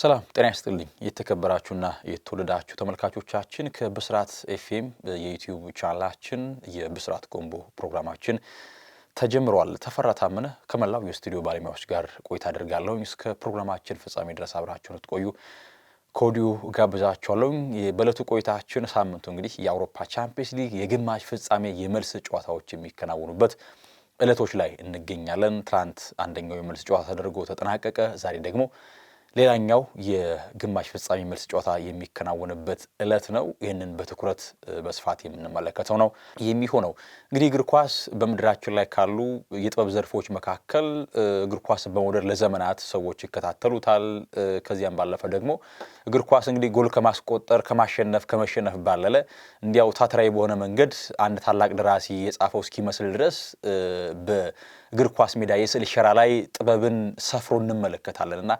ሰላም ጤና ይስጥልኝ። የተከበራችሁና የተወደዳችሁ ተመልካቾቻችን ከብስራት ኤፍኤም የዩቲዩብ ቻናላችን የብስራት ኮምቦ ፕሮግራማችን ተጀምሯል። ተፈራ ታመነ ከመላው የስቱዲዮ ባለሙያዎች ጋር ቆይታ አደርጋለሁ። እስከ ፕሮግራማችን ፍጻሜ ድረስ አብራችሁን ትቆዩ ከወዲሁ ጋብዛችኋለሁ። በለቱ ቆይታችን ሳምንቱ እንግዲህ የአውሮፓ ቻምፒየንስ ሊግ የግማሽ ፍጻሜ የመልስ ጨዋታዎች የሚከናወኑበት ዕለቶች ላይ እንገኛለን። ትናንት አንደኛው የመልስ ጨዋታ ተደርጎ ተጠናቀቀ። ዛሬ ደግሞ ሌላኛው የግማሽ ፍጻሜ መልስ ጨዋታ የሚከናወንበት ዕለት ነው። ይህንን በትኩረት በስፋት የምንመለከተው ነው የሚሆነው። እንግዲህ እግር ኳስ በምድራችን ላይ ካሉ የጥበብ ዘርፎች መካከል እግር ኳስ በመውደድ ለዘመናት ሰዎች ይከታተሉታል። ከዚያም ባለፈ ደግሞ እግር ኳስ እንግዲህ ጎል ከማስቆጠር ከማሸነፍ፣ ከመሸነፍ ባለለ እንዲያው ታትራዊ በሆነ መንገድ አንድ ታላቅ ደራሲ የጻፈው እስኪመስል ድረስ በእግር ኳስ ሜዳ የስዕል ሸራ ላይ ጥበብን ሰፍሮ እንመለከታለን እና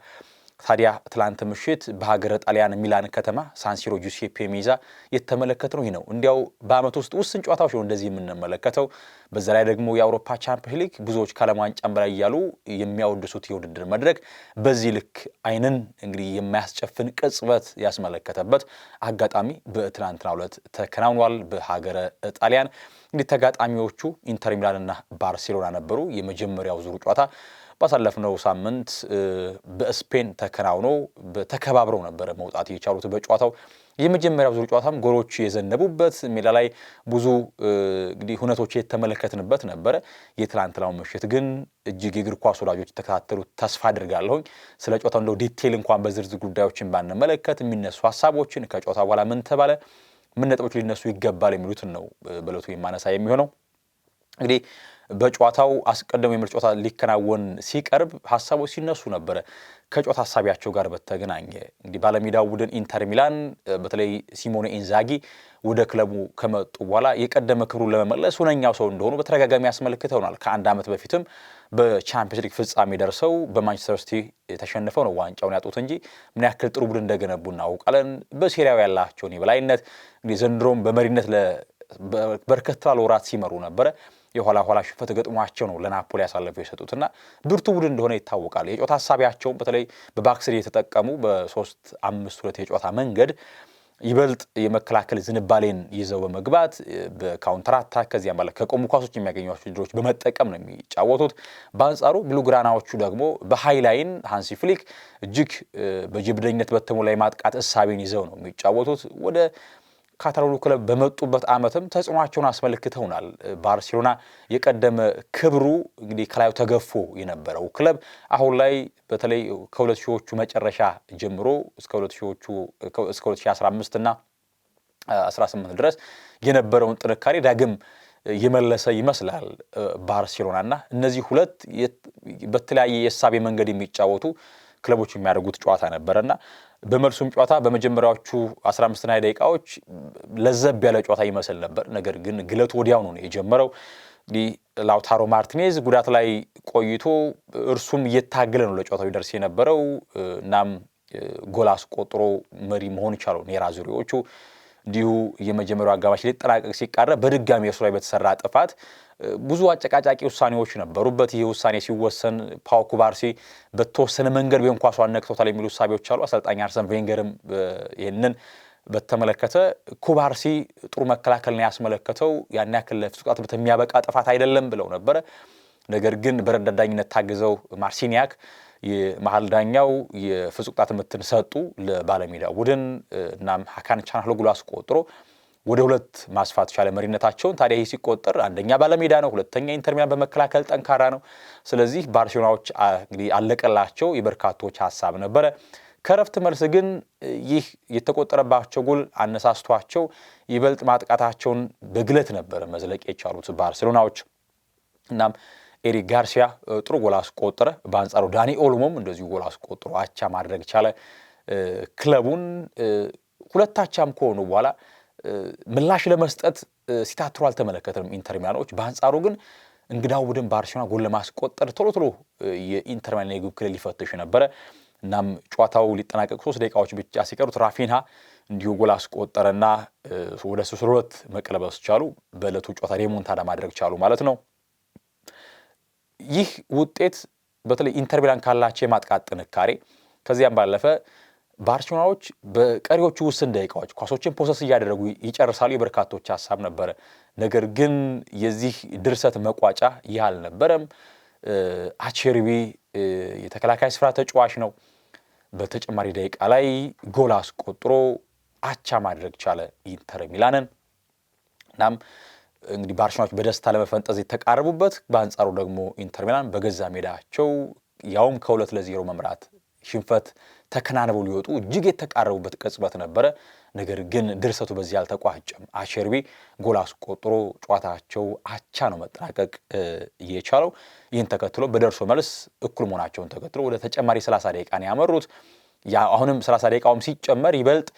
ታዲያ ትላንት ምሽት በሀገረ ጣሊያን ሚላን ከተማ ሳንሲሮ ጁሴፔ ሜዛ የተመለከት ነው ይህ ነው። እንዲያው በአመት ውስጥ ውስን ጨዋታዎች ነው እንደዚህ የምንመለከተው። በዛ ላይ ደግሞ የአውሮፓ ቻምፒዮንስ ሊግ ብዙዎች ከዓለም ዋንጫ በላይ እያሉ የሚያወድሱት የውድድር መድረክ በዚህ ልክ አይንን እንግዲህ የማያስጨፍን ቅጽበት ያስመለከተበት አጋጣሚ በትናንትናው ዕለት ተከናውኗል በሀገረ ጣሊያን። እንግዲህ ተጋጣሚዎቹ ኢንተር ሚላንና ባርሴሎና ነበሩ። የመጀመሪያው ዙሩ ጨዋታ ባሳለፍነው ሳምንት በስፔን ተከናውኖ ተከባብረው ነበረ መውጣት የቻሉት በጨዋታው የመጀመሪያ ዙር ጨዋታም ጎሎች የዘነቡበት ሜዳ ላይ ብዙ እንግዲህ ሁነቶች የተመለከትንበት ነበረ። የትላንትናው ምሽት ግን እጅግ የእግር ኳስ ወዳጆች የተከታተሉት ተስፋ አድርጋለሁኝ። ስለ ጨዋታው እንደው ዲቴይል እንኳን በዝርዝር ጉዳዮችን ባንመለከት የሚነሱ ሀሳቦችን ከጨዋታ በኋላ ምን ተባለ፣ ምን ነጥቦች ሊነሱ ይገባል የሚሉትን ነው በእለቱ የማነሳ የሚሆነው እንግዲህ በጨዋታው አስቀድሞ የምር ጨዋታ ሊከናወን ሲቀርብ ሀሳቦች ሲነሱ ነበረ ከጨዋታ ሀሳቢያቸው ጋር በተገናኘ እንግዲህ ባለሜዳው ቡድን ኢንተር ሚላን በተለይ ሲሞኔ ኢንዛጊ ወደ ክለቡ ከመጡ በኋላ የቀደመ ክብሩ ለመመለስ ሁነኛው ሰው እንደሆኑ በተደጋጋሚ ያስመለክተውናል። ከአንድ ዓመት በፊትም በቻምፒየንስ ሊግ ፍጻሜ ደርሰው በማንቸስተር ሲቲ ተሸንፈው ነው ዋንጫውን ያጡት እንጂ ምን ያክል ጥሩ ቡድን እንደገነቡ እናውቃለን። በሴሪያው ያላቸውን የበላይነት እንግዲህ ዘንድሮም በመሪነት በርከት ላለ ወራት ሲመሩ ነበረ። የኋላ ኋላ ሽፈት ገጥሟቸው ነው ለናፖሊ ያሳለፈው የሰጡትና ብርቱ ቡድን እንደሆነ ይታወቃል። የጨዋታ ሀሳቢያቸውም በተለይ በባክስሪ የተጠቀሙ በሶስት አምስት ሁለት የጨዋታ መንገድ ይበልጥ የመከላከል ዝንባሌን ይዘው በመግባት በካውንተር አታክ ከዚያ ማለት ከቆሙ ኳሶች የሚያገኟቸው ድሮች በመጠቀም ነው የሚጫወቱት። በአንጻሩ ብሉግራናዎቹ ደግሞ በሃይላይን ሃንሲ ፍሊክ እጅግ በጀብደኝነት በተሞላ የማጥቃት እሳቤን ይዘው ነው የሚጫወቱት ወደ ካታሎኑ ክለብ በመጡበት ዓመትም ተጽዕኖቸውን አስመልክተውናል። ባርሴሎና የቀደመ ክብሩ እንግዲህ ከላዩ ተገፎ የነበረው ክለብ አሁን ላይ በተለይ ከሁለት ሺዎቹ መጨረሻ ጀምሮ እስከ ሁለት ሺዎቹ እስከ 2015 እና 18 ድረስ የነበረውን ጥንካሬ ዳግም የመለሰ ይመስላል ባርሴሎና እና እነዚህ ሁለት በተለያየ የሳቤ መንገድ የሚጫወቱ ክለቦች የሚያደርጉት ጨዋታ ነበረ እና በመልሱም ጨዋታ በመጀመሪያዎቹ 15 ና ደቂቃዎች ለዘብ ያለ ጨዋታ ይመስል ነበር። ነገር ግን ግለቱ ወዲያው ነው የጀመረው። እንግዲህ ላውታሮ ማርቲኔዝ ጉዳት ላይ ቆይቶ እርሱም እየታገለ ነው ለጨዋታው ይደርስ የነበረው። እናም ጎል አስቆጥሮ መሪ መሆን ቻለው ኔራ ዙሪዎቹ እንዲሁ የመጀመሪያው አጋማሽ ሊጠናቀቅ ሲቃረብ በድጋሚ እርሱ ላይ በተሰራ ጥፋት ብዙ አጨቃጫቂ ውሳኔዎች ነበሩበት። ይህ ውሳኔ ሲወሰን ፓው ኩባርሲ በተወሰነ መንገድ ቢሆን ኳሷ ነክቶታል የሚሉ ሳቢዎች አሉ። አሰልጣኝ አርሰን ቬንገርም ይህንን በተመለከተ ኩባርሲ ጥሩ መከላከልን ያስመለከተው ያን ያክል ለፍጹም ቅጣት የሚያበቃ ጥፋት አይደለም ብለው ነበረ። ነገር ግን በረዳዳኝነት ታግዘው ማርሲኒያክ የመሀል ዳኛው የፍጹም ቅጣት ምትን ሰጡ ለባለሜዳ ቡድን። እናም ሀካን ቻናል ጎል አስቆጥሮ ወደ ሁለት ማስፋት ቻለ መሪነታቸውን። ታዲያ ይህ ሲቆጠር አንደኛ ባለሜዳ ነው፣ ሁለተኛ ኢንተር ሚላን በመከላከል ጠንካራ ነው። ስለዚህ ባርሴሎናዎች እንግዲህ አለቀላቸው። የበርካቶች ሀሳብ ነበረ። ከረፍት መልስ ግን ይህ የተቆጠረባቸው ጎል አነሳስቷቸው ይበልጥ ማጥቃታቸውን በግለት ነበረ መዝለቅ የቻሉት ባርሴሎናዎች እናም ኤሪክ ጋርሲያ ጥሩ ጎል አስቆጠረ። በአንጻሩ ዳኒ ኦልሞም እንደዚሁ ጎል አስቆጥሮ አቻ ማድረግ ቻለ። ክለቡን ሁለታቻም ከሆኑ በኋላ ምላሽ ለመስጠት ሲታትሮ አልተመለከትንም ኢንተር ሚላኖች። በአንጻሩ ግን እንግዳው ቡድን ባርሴሎና ጎል ለማስቆጠር ቶሎ ቶሎ የኢንተር ሚላን የግብ ክልል ሊፈትሽ ነበረ። እናም ጨዋታው ሊጠናቀቅ ሶስት ደቂቃዎች ብቻ ሲቀሩት ራፊንሃ እንዲሁ ጎል አስቆጠረና ወደ ሶስት ለሁለት መቀለበስ ቻሉ። በዕለቱ ጨዋታ ዴሞንታዳ ማድረግ ቻሉ ማለት ነው። ይህ ውጤት በተለይ ኢንተር ሚላን ካላቸው የማጥቃት ጥንካሬ ከዚያም ባለፈ ባርሴሎናዎች በቀሪዎቹ ውስን ደቂቃዎች ኳሶችን ፖሰስ እያደረጉ ይጨርሳሉ፣ የበርካቶች ሀሳብ ነበረ። ነገር ግን የዚህ ድርሰት መቋጫ ይህ አልነበረም። አቼርቢ የተከላካይ ስፍራ ተጫዋች ነው። በተጨማሪ ደቂቃ ላይ ጎል አስቆጥሮ አቻ ማድረግ ቻለ ኢንተር ሚላንን እናም እንግዲህ ባርሴሎናዎች በደስታ ለመፈንጠዝ የተቃረቡበት፣ በአንጻሩ ደግሞ ኢንተር ሚላን በገዛ ሜዳቸው ያውም ከሁለት ለዜሮ መምራት ሽንፈት ተከናንበው ሊወጡ እጅግ የተቃረቡበት ቅጽበት ነበረ። ነገር ግን ድርሰቱ በዚህ አልተቋጨም። አሸርቢ ጎል አስቆጥሮ ጨዋታቸው አቻ ነው መጠናቀቅ የቻለው። ይህን ተከትሎ በደርሶ መልስ እኩል መሆናቸውን ተከትሎ ወደ ተጨማሪ 30 ደቂቃ ነው ያመሩት። አሁንም 30 ደቂቃውም ሲጨመር ይበልጥ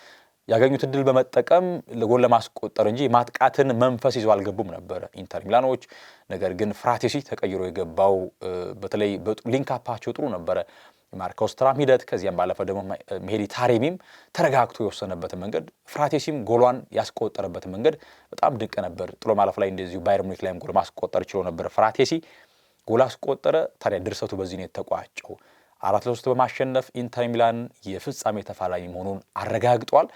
ያገኙት እድል በመጠቀም ለጎል ለማስቆጠር እንጂ ማጥቃትን መንፈስ ይዘው አልገቡም ነበረ ኢንተር ሚላኖች። ነገር ግን ፍራቴሲ ተቀይሮ የገባው በተለይ ሊንካፓቸው ጥሩ ነበረ የማርከው ስትራም ሂደት ከዚያም ባለፈ ደግሞ ሜሄዲ ታሬሚም ተረጋግቶ የወሰነበትን መንገድ ፍራቴሲም ጎሏን ያስቆጠረበትን መንገድ በጣም ድንቅ ነበር። ጥሎ ማለፍ ላይ እንደዚሁ ባየር ሙኒክ ላይም ጎል ማስቆጠር ችሎ ነበር ፍራቴሲ። ጎል አስቆጠረ። ታዲያ ድርሰቱ በዚህ ነው የተቋጨው። አራት ለሶስት በማሸነፍ ኢንተር ሚላን የፍጻሜ ተፋላሚ መሆኑን አረጋግጧል።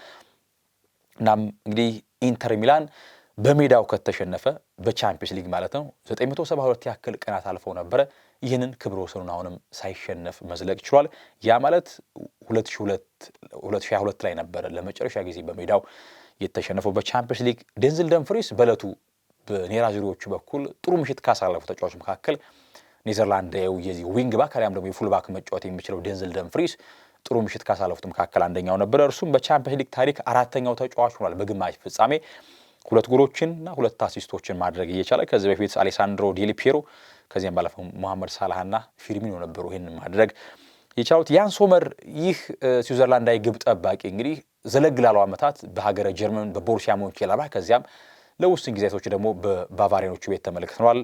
እናም እንግዲህ ኢንተር ሚላን በሜዳው ከተሸነፈ በቻምፒየንስ ሊግ ማለት ነው 972 ያክል ቀናት አልፈው ነበረ። ይህንን ክብረ ወሰኑን አሁንም ሳይሸነፍ መዝለቅ ችሏል። ያ ማለት 2022 ላይ ነበረ ለመጨረሻ ጊዜ በሜዳው የተሸነፈው በቻምፒየንስ ሊግ። ዴንዝል ደንፍሪስ በዕለቱ በኔራ ዙሪዎቹ በኩል ጥሩ ምሽት ካሳለፉ ተጫዋች መካከል ኔዘርላንዳዊው የዚህ ዊንግ ባክ አሊያም ደግሞ የፉል ባክ መጫወት የሚችለው ዴንዝል ደንፍሪስ ጥሩ ምሽት ካሳለፉት መካከል አንደኛው ነበረ። እርሱም በቻምፒየንስ ሊግ ታሪክ አራተኛው ተጫዋች ሆኗል። በግማሽ ፍጻሜ ሁለት ጎሎችንና ሁለት አሲስቶችን ማድረግ እየቻለ ከዚህ በፊት አሌሳንድሮ ዴሊ ፒሮ ከዚያም ባለፈው መሐመድ ሳላህና ፊርሚኖ ነበሩ ይህን ማድረግ የቻሉት። ያን ሶመር ይህ ስዊዘርላንዳዊ ግብ ጠባቂ እንግዲህ ዘለግ ላሉ ዓመታት በሀገረ ጀርመን በቦሩሲያ ሞንቼንግላድባህ ከዚያም ለውስን ጊዜያቶች ደግሞ በባቫሪያኖቹ ቤት ተመልክተነዋል።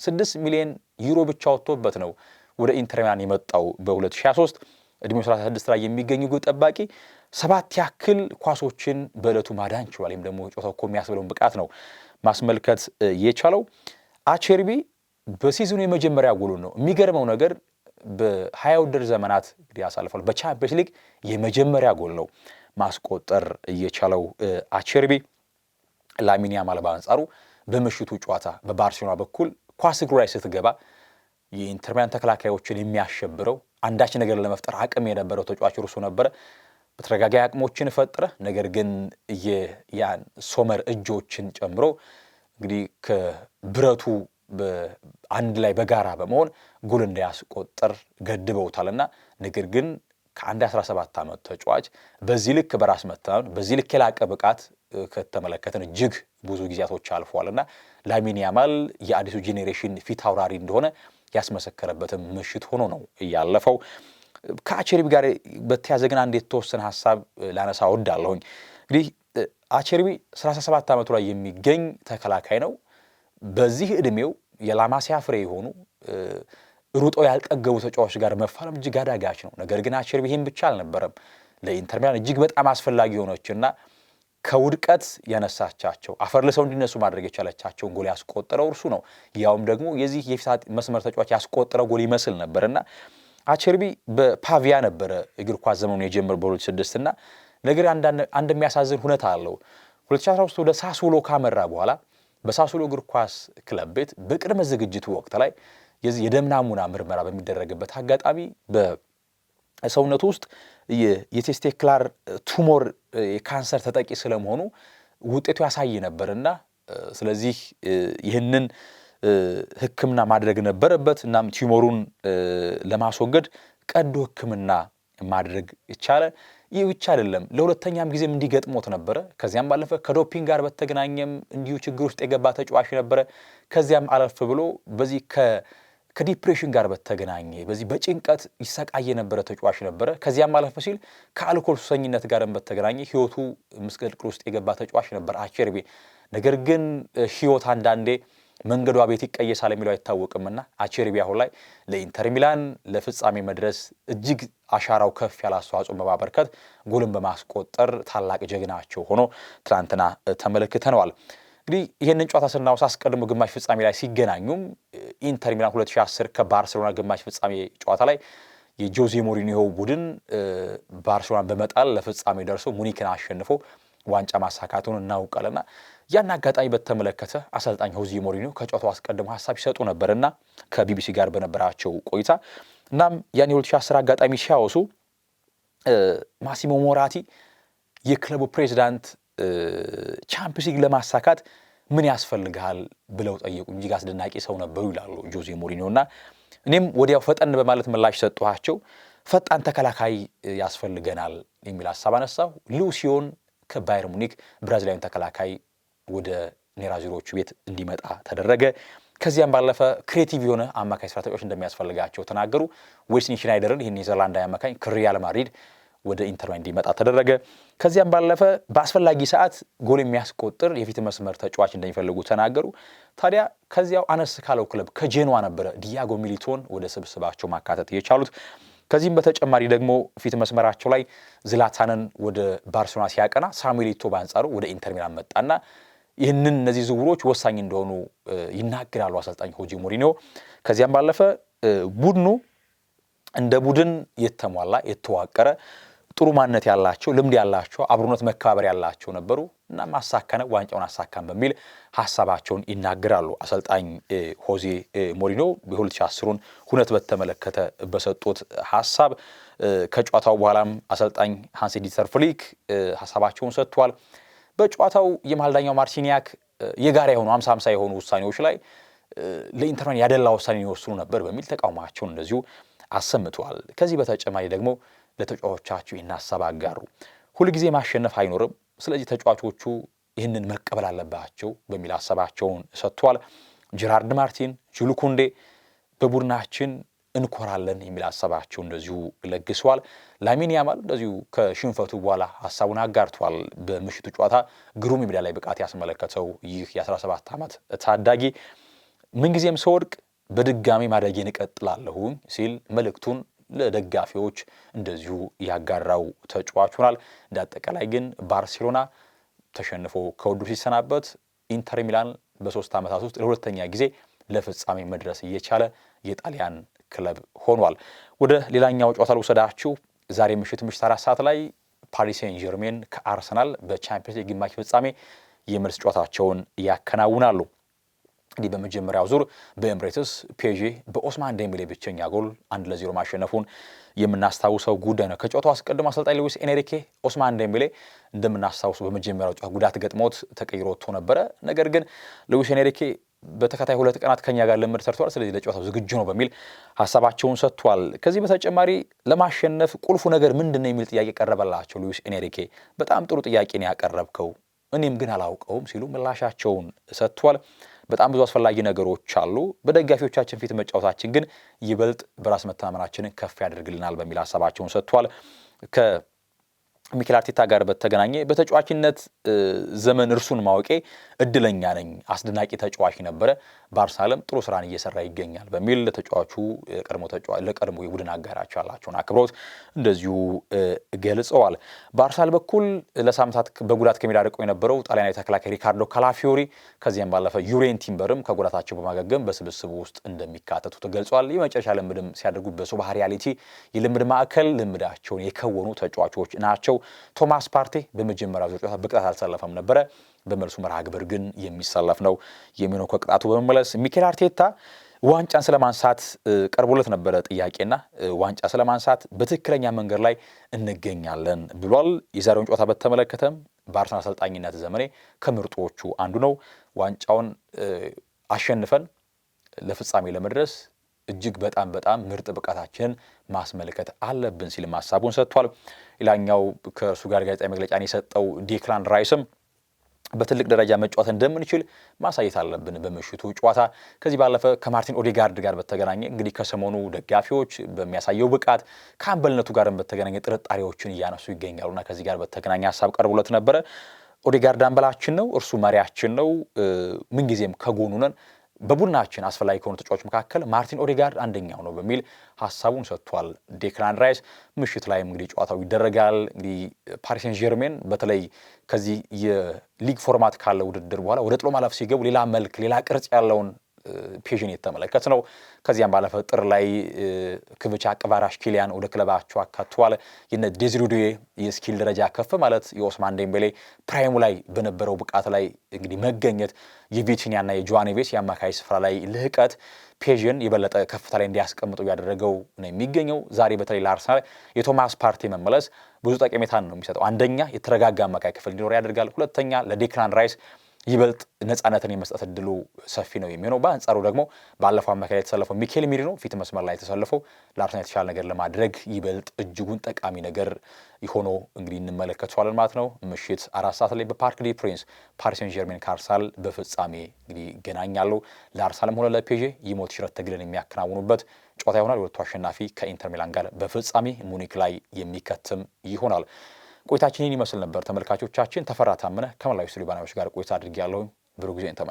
6 ሚሊዮን ዩሮ ብቻ ወጥቶበት ነው ወደ ኢንተር ሚላን የመጣው በ2023 እድሜው 36 ላይ የሚገኙ ግብ ጠባቂ ሰባት ያክል ኳሶችን በዕለቱ ማዳን ችሏል። ወይም ደግሞ ጮታው እኮ የሚያስብለውን ብቃት ነው ማስመልከት የቻለው። አቼርቢ በሲዝኑ የመጀመሪያ ጎሉ ነው። የሚገርመው ነገር በሀያ ውድድር ዘመናት እንግዲህ ያሳልፏል። በቻምፒየንስ ሊግ የመጀመሪያ ጎል ነው ማስቆጠር እየቻለው አቼርቢ። ላሚን ያማል በአንጻሩ በምሽቱ ጨዋታ በባርሴሎና በኩል ኳስ እግሩ ላይ ስትገባ የኢንተር ሚላን ተከላካዮችን የሚያሸብረው አንዳች ነገር ለመፍጠር አቅም የነበረው ተጫዋች እርሱ ነበረ። በተደጋጋሚ አቅሞችን ፈጥረ፣ ነገር ግን ያን ሶመር እጆችን ጨምሮ እንግዲህ ከብረቱ አንድ ላይ በጋራ በመሆን ጎል እንዳያስቆጠር ገድበውታልና ነገር ግን ከአንድ 17 ዓመት ተጫዋች በዚህ ልክ በራስ መተማመን በዚህ ልክ የላቀ ብቃት ከተመለከትን እጅግ ብዙ ጊዜያቶች አልፈዋል እና ላሚን ያማል የአዲሱ ጄኔሬሽን ፊት አውራሪ እንደሆነ ያስመሰከረበትም ምሽት ሆኖ ነው እያለፈው። ከአቼሪቢ ጋር በተያዘ ግን አንድ የተወሰነ ሀሳብ ላነሳ እወዳለሁኝ። እንግዲህ አቼሪቢ 37 ዓመቱ ላይ የሚገኝ ተከላካይ ነው። በዚህ ዕድሜው የላማሲያ ፍሬ የሆኑ ሩጦ ያልጠገቡ ተጫዋቾች ጋር መፋለም እጅግ አዳጋች ነው። ነገር ግን አቼሪቢ ይህም ብቻ አልነበረም። ለኢንተር ሚላን እጅግ በጣም አስፈላጊ የሆነችና ከውድቀት ያነሳቻቸው አፈር እንዲነሱ ማድረግ የቻለቻቸውን ጎል ያስቆጠረው እርሱ ነው። ያውም ደግሞ የዚህ የፊት መስመር ተጫዋች ያስቆጠረው ጎል ይመስል እና አቸርቢ በፓቪያ ነበረ እግር ኳስ ዘመኑን የጀመረው በ2006 እና ነገር አንድ የሚያሳዝን ሁነት አለው። 2013 ወደ ሳሱሎ ካመራ በኋላ በሳሱሎ እግር ኳስ ክለብ ቤት በቅድመ ዝግጅቱ ወቅት ላይ የደም ናሙና ምርመራ በሚደረግበት አጋጣሚ ሰውነቱ ውስጥ የቴስቴክላር ቱሞር የካንሰር ተጠቂ ስለመሆኑ ውጤቱ ያሳይ ነበር እና ስለዚህ ይህንን ሕክምና ማድረግ ነበረበት። እናም ቲሞሩን ለማስወገድ ቀዶ ሕክምና ማድረግ ይቻለ። ይህ ብቻ አይደለም፣ ለሁለተኛም ጊዜም እንዲገጥሞት ነበረ። ከዚያም ባለፈ ከዶፒንግ ጋር በተገናኘም እንዲሁ ችግር ውስጥ የገባ ተጫዋች ነበረ። ከዚያም አለፍ ብሎ በዚህ ከዲፕሬሽን ጋር በተገናኘ በዚህ በጭንቀት ይሰቃይ የነበረ ተጫዋች ነበረ። ከዚያም አለፈ ሲል ከአልኮል ሱሰኝነት ጋርም በተገናኘ ህይወቱ ምስቅልቅል ውስጥ የገባ ተጫዋች ነበር አቼርቤ። ነገር ግን ህይወት አንዳንዴ መንገዷ ቤት ይቀየሳል የሚለው አይታወቅምና አቼርቢ አሁን ላይ ለኢንተር ሚላን ለፍጻሜ መድረስ እጅግ አሻራው ከፍ ያለ አስተዋጽኦ በማበርከት ጎልን በማስቆጠር ታላቅ ጀግናቸው ሆኖ ትናንትና ተመለክተነዋል። እንግዲህ ይህንን ጨዋታ ስናውስ አስቀድሞ ግማሽ ፍጻሜ ላይ ሲገናኙም ኢንተር ሚላን 2010 ከባርሴሎና ግማሽ ፍጻሜ ጨዋታ ላይ የጆዜ ሞሪኒሆ ቡድን ባርሴሎና በመጣል ለፍጻሜ ደርሶ ሙኒክን አሸንፎ ዋንጫ ማሳካቱን እናውቃለና ያን አጋጣሚ በተመለከተ አሰልጣኝ ሆዜ ሞሪኒሆ ከጨዋታው አስቀድሞ ሀሳብ ሲሰጡ ነበርና ከቢቢሲ ጋር በነበራቸው ቆይታ እናም ያን የ2010 አጋጣሚ ሲያወሱ ማሲሞ ሞራቲ የክለቡ ፕሬዚዳንት ቻምፒዮንስ ሊግ ለማሳካት ምን ያስፈልግሃል ብለው ጠየቁ። እጅግ አስደናቂ ሰው ነበሩ ይላሉ ጆዜ ሞሪኒዮ እና እኔም ወዲያው ፈጠን በማለት ምላሽ ሰጥኋቸው። ፈጣን ተከላካይ ያስፈልገናል የሚል ሀሳብ አነሳሁ። ሉሲዮን ከባየር ሙኒክ ብራዚላዊን ተከላካይ ወደ ኔራዚሮቹ ቤት እንዲመጣ ተደረገ። ከዚያም ባለፈ ክሬቲቭ የሆነ አማካኝ ስራ ተጫዋች እንደሚያስፈልጋቸው ተናገሩ። ዌስኒ ሽናይደርን ይህን ኔዘርላንዳዊ አማካኝ ከሪያል ማድሪድ ወደ ኢንተር እንዲመጣ ተደረገ። ከዚያም ባለፈ በአስፈላጊ ሰዓት ጎል የሚያስቆጥር የፊት መስመር ተጫዋች እንደሚፈልጉ ተናገሩ። ታዲያ ከዚያው አነስ ካለው ክለብ ከጄኖዋ ነበረ ዲያጎ ሚሊቶን ወደ ስብስባቸው ማካተት የቻሉት። ከዚህም በተጨማሪ ደግሞ ፊት መስመራቸው ላይ ዝላታንን ወደ ባርሴሎና ሲያቀና ሳሙኤል ኢቶ በአንጻሩ ወደ ኢንተር ሚላን መጣና ይህንን እነዚህ ዝውውሮች ወሳኝ እንደሆኑ ይናገራሉ አሰልጣኝ ሆጂ ሞሪኒዮ። ከዚያም ባለፈ ቡድኑ እንደ ቡድን የተሟላ የተዋቀረ ጥሩ ማንነት ያላቸው ልምድ ያላቸው አብሮነት መከባበር ያላቸው ነበሩ እና ማሳካነ ዋንጫውን አሳካን በሚል ሀሳባቸውን ይናገራሉ። አሰልጣኝ ሆዜ ሞሪኖ የ2010ን ሁነት በተመለከተ በሰጡት ሀሳብ ከጨዋታው በኋላም አሰልጣኝ ሃንሲ ዲተር ፍሊክ ሀሳባቸውን ሰጥቷል። በጨዋታው የመሀል ዳኛው ማርሲኒያክ የጋራ የሆኑ ሃምሳ ሃምሳ የሆኑ ውሳኔዎች ላይ ለኢንተርማን ያደላ ውሳኔ ይወስኑ ነበር በሚል ተቃውሟቸውን እንደዚሁ አሰምተዋል። ከዚህ በተጨማሪ ደግሞ ለተጫዋቾቻችሁ ይህን ሀሳብ አጋሩ። ሁልጊዜ ማሸነፍ አይኖርም፣ ስለዚህ ተጫዋቾቹ ይህንን መቀበል አለባቸው በሚል ሀሳባቸውን ሰጥቷል። ጀራርድ ማርቲን፣ ጁል ኩንዴ በቡድናችን እንኮራለን የሚል ሀሳባቸው እንደዚሁ ለግሷል። ላሚን ያማል እንደዚሁ ከሽንፈቱ በኋላ ሀሳቡን አጋርቷል። በምሽቱ ጨዋታ ግሩም የሜዳ ላይ ብቃት ያስመለከተው ይህ የ17 ዓመት ታዳጊ ምንጊዜም ስወድቅ በድጋሚ ማደጌን እቀጥላለሁ ሲል መልእክቱን ለደጋፊዎች እንደዚሁ ያጋራው ተጫዋች ሆናል። እንዳጠቃላይ ግን ባርሴሎና ተሸንፎ ከውድድሩ ሲሰናበት ኢንተር ሚላን በሶስት ዓመታት ውስጥ ለሁለተኛ ጊዜ ለፍጻሜ መድረስ እየቻለ የጣሊያን ክለብ ሆኗል። ወደ ሌላኛው ጨዋታ ልውሰዳችሁ። ዛሬ ምሽት ምሽት አራት ሰዓት ላይ ፓሪስ ሴን ጀርሜን ከአርሰናል በቻምፒዮንስ ሊግ ፍጻሜ የመልስ ጨዋታቸውን ያከናውናሉ። እንዲህ በመጀመሪያው ዙር በኤምሬትስ ፔዤ በኦስማን ዴምቤሌ ብቸኛ ጎል አንድ ለዜሮ ማሸነፉን የምናስታውሰው ጉዳይ ነው። ከጨዋታው አስቀድሞ አሰልጣኝ ሉዊስ ኤንሪኬ ኦስማን ዴምቤሌ እንደምናስታውሰው በመጀመሪያው ጨዋታ ጉዳት ገጥሞት ተቀይሮ ወጥቶ ነበረ። ነገር ግን ሉዊስ ኤንሪኬ በተከታይ ሁለት ቀናት ከኛ ጋር ልምድ ሰርተዋል፣ ስለዚህ ለጨዋታው ዝግጁ ነው በሚል ሀሳባቸውን ሰጥቷል። ከዚህ በተጨማሪ ለማሸነፍ ቁልፉ ነገር ምንድን ነው የሚል ጥያቄ ቀረበላቸው ሉዊስ ኤንሪኬ። በጣም ጥሩ ጥያቄ ነው ያቀረብከው፣ እኔም ግን አላውቀውም ሲሉ ምላሻቸውን ሰጥቷል። በጣም ብዙ አስፈላጊ ነገሮች አሉ። በደጋፊዎቻችን ፊት መጫወታችን ግን ይበልጥ በራስ መተማመናችንን ከፍ ያደርግልናል በሚል ሀሳባቸውን ሰጥቷል። ሚኬል አርቴታ ጋር በተገናኘ በተጫዋችነት ዘመን እርሱን ማወቄ እድለኛ ነኝ፣ አስደናቂ ተጫዋች ነበረ፣ በአርሰናልም ጥሩ ስራን እየሰራ ይገኛል በሚል ለተጫዋቹ ለቀድሞ የቡድን አጋራቸው ያላቸውን አክብሮት እንደዚሁ ገልጸዋል። በአርሰናል በኩል ለሳምንታት በጉዳት ከሜዳ ርቆ የነበረው ጣሊያናዊ ተከላካይ ሪካርዶ ካላፊዮሪ ከዚያም ባለፈ ዩሬን ቲምበርም ከጉዳታቸው በማገገም በስብስቡ ውስጥ እንደሚካተቱ ተገልጿል። የመጨረሻ ልምድም ሲያደርጉ በሶባህ ሪያሊቲ የልምድ ማዕከል ልምዳቸውን የከወኑ ተጫዋቾች ናቸው። ቶማስ ፓርቴ በመጀመሪያ ዙር ጨዋታ በቅጣት አልተሰለፈም ነበረ። በመልሱ መርሃ ግብር ግን የሚሰለፍ ነው የሚሆነው። ከቅጣቱ በመመለስ ሚኬል አርቴታ ዋንጫን ስለማንሳት ቀርቦለት ነበረ ጥያቄና ዋንጫ ስለማንሳት በትክክለኛ መንገድ ላይ እንገኛለን ብሏል። የዛሬውን ጨዋታ በተመለከተም በአርሰናል አሰልጣኝነት ዘመኔ ከምርጦቹ አንዱ ነው። ዋንጫውን አሸንፈን ለፍጻሜ ለመድረስ እጅግ በጣም በጣም ምርጥ ብቃታችንን ማስመልከት አለብን ሲልም ሀሳቡን ሰጥቷል። ሌላኛው ከእሱ ጋር ጋዜጣዊ መግለጫን የሰጠው ዴክላን ራይስም በትልቅ ደረጃ መጫወት እንደምንችል ማሳየት አለብን በምሽቱ ጨዋታ። ከዚህ ባለፈ ከማርቲን ኦዴጋርድ ጋር በተገናኘ እንግዲህ ከሰሞኑ ደጋፊዎች በሚያሳየው ብቃት ከአምበልነቱ ጋርም በተገናኘ ጥርጣሬዎችን እያነሱ ይገኛሉና ከዚህ ጋር በተገናኘ ሀሳብ ቀርቦለት ነበረ። ኦዴጋርድ አምበላችን ነው፣ እርሱ መሪያችን ነው፣ ምንጊዜም ከጎኑ ነን። በቡድናችን አስፈላጊ ከሆኑ ተጫዋች መካከል ማርቲን ኦዴጋርድ አንደኛው ነው በሚል ሀሳቡን ሰጥቷል። ዴክላን ራይስ ምሽት ላይም እንግዲህ ጨዋታው ይደረጋል። እንግዲህ ፓሪስ ሴን ጀርሜን በተለይ ከዚህ የሊግ ፎርማት ካለ ውድድር በኋላ ወደ ጥሎ ማለፍ ሲገቡ ሌላ መልክ፣ ሌላ ቅርጽ ያለውን ፔዥን የተመለከት ነው። ከዚያም ባለፈ ጥር ላይ ክብቻ ቅባራሽ ኪሊያን ወደ ክለባቸው አካቷል። ይነ ዴዚሩዴ የስኪል ደረጃ ከፍ ማለት የኦስማን ዴምቤሌ ፕራይሙ ላይ በነበረው ብቃት ላይ እንግዲህ መገኘት የቪቲኒያና የጆዋኔቤስ የአማካይ ስፍራ ላይ ልህቀት ፔዥን የበለጠ ከፍታ ላይ እንዲያስቀምጡ እያደረገው ነው የሚገኘው። ዛሬ በተለይ ለአርሰናል የቶማስ ፓርቲ መመለስ ብዙ ጠቀሜታን ነው የሚሰጠው። አንደኛ የተረጋጋ አማካይ ክፍል እንዲኖር ያደርጋል። ሁለተኛ ለዴክላን ራይስ ይበልጥ ነፃነትን የመስጠት እድሉ ሰፊ ነው የሚሆነው። በአንጻሩ ደግሞ ባለፈው አማካይ ላይ የተሰለፈው ሚኬል ሜሪኖ ፊት መስመር ላይ የተሰለፈው ለአርሰናል የተሻለ ነገር ለማድረግ ይበልጥ እጅጉን ጠቃሚ ነገር ሆኖ እንግዲህ እንመለከተዋለን ማለት ነው። ምሽት አራት ሰዓት ላይ በፓርክ ዴ ፕሪንስ ፓሪስ ሴን ጀርሜን ካርሳል በፍጻሜ እንግዲህ ይገናኛሉ። ለአርሰናልም ሆነ ለፔዤ ይሞት ሽረት ትግልን የሚያከናውኑበት ጨዋታ ይሆናል። የሁለቱ አሸናፊ ከኢንተር ሚላን ጋር በፍጻሜ ሙኒክ ላይ የሚከትም ይሆናል። ቆይታችን ይህን ይመስል ነበር። ተመልካቾቻችን ተፈራ ታምነ ከመላዊ ስቱዲዮ ባናዎች ጋር ቆይታ አድርጌ ያለሁኝ ብሩ ጊዜን ተመኘ